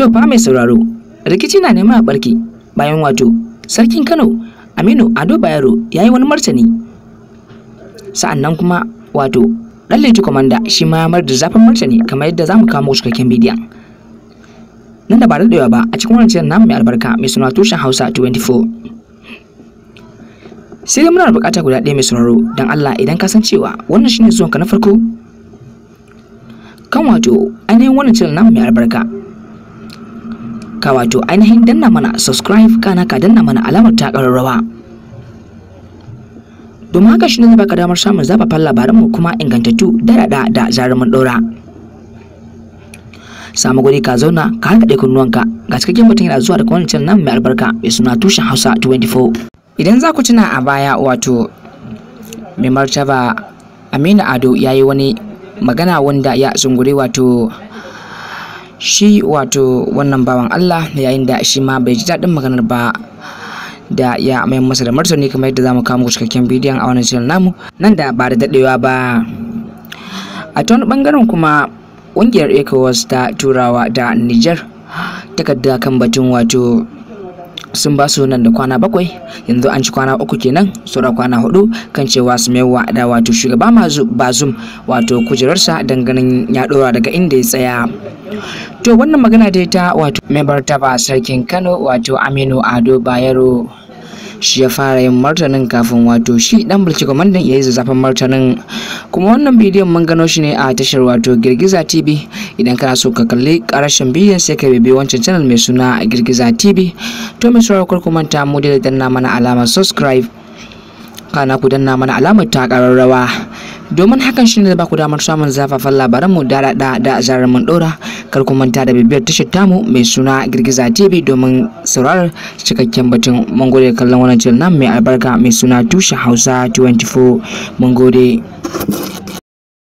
To fa mai sauraro, rikici na neman a barki, bayan wato sarkin Kano Aminu Ado Bayero ya yi wani martani. Sa'annan kuma wato ɗan Liti Komanda shi ma ya da zafin martani kamar yadda za mu wasu cikakken bidiyon. Nan da ba daɗewa ba a cikin wannan namu mai albarka mai suna tushen Hausa 24. sai dai muna da bukata guda ɗaya mai sauraro don Allah idan ka san cewa wannan shine zuwanka na farko kan wato ainihin wannan cikin namu mai albarka ka wato ainihin danna mana subscribe kana ka danna mana alamar ta ƙararrawa domin haka shi ne baka damar samun zafafan labaranmu kuma ingantattu da da da zarumin ɗora samu gwani ka zauna ka kunnuwan kunnuwanka ga cikakken mutum yana zuwa daga wani channel nan mai albarka mai suna tushen hausa 24 idan za ku tuna a baya wato mai martaba aminu ado ya yi wani magana wanda ya tsungure wato shi wato wannan bawan Allah yayin da shi ma bai ji daɗin maganar ba da ya mai masa da martani kamar yadda za mu kawo muku cikakken bidiyon a wannan shirin namu nan da ba da daɗewa ba a ta wani ɓangaren kuma ƙungiyar ecowas ta turawa da niger takarda kan batun wato sun ba su nan da kwana bakwai yanzu an ci kwana uku kenan saura kwana hudu kan cewa su maiwa da wato shugaba bazum wato kujerarsa danganin ya dora daga inda ya tsaya to wannan magana dai ta wato Mai ta ba sarkin kano wato aminu ado bayero shi ya fara yin martanin kafin wato shi dan bulci kwamandan ya yi zazzafan martanin kuma wannan bidiyon mun gano shi ne a tashar wato girgiza tv idan kana so ka kalli karashin bidiyon sai ka bibi wancan channel mai suna girgiza tv to mai sauraro ku manta mu da danna mana alamar subscribe kana ku danna mana alamar ta kararrawa domin hakan shi ne ba ku damar samun zafafan labaran mu da da da zarar mun dora kar ku manta da bibiyar tashar tamu mai suna girgiza tv domin saurar cikakken batun mun gode kallon wannan channel mai albarka mai suna tushe hausa 24 mun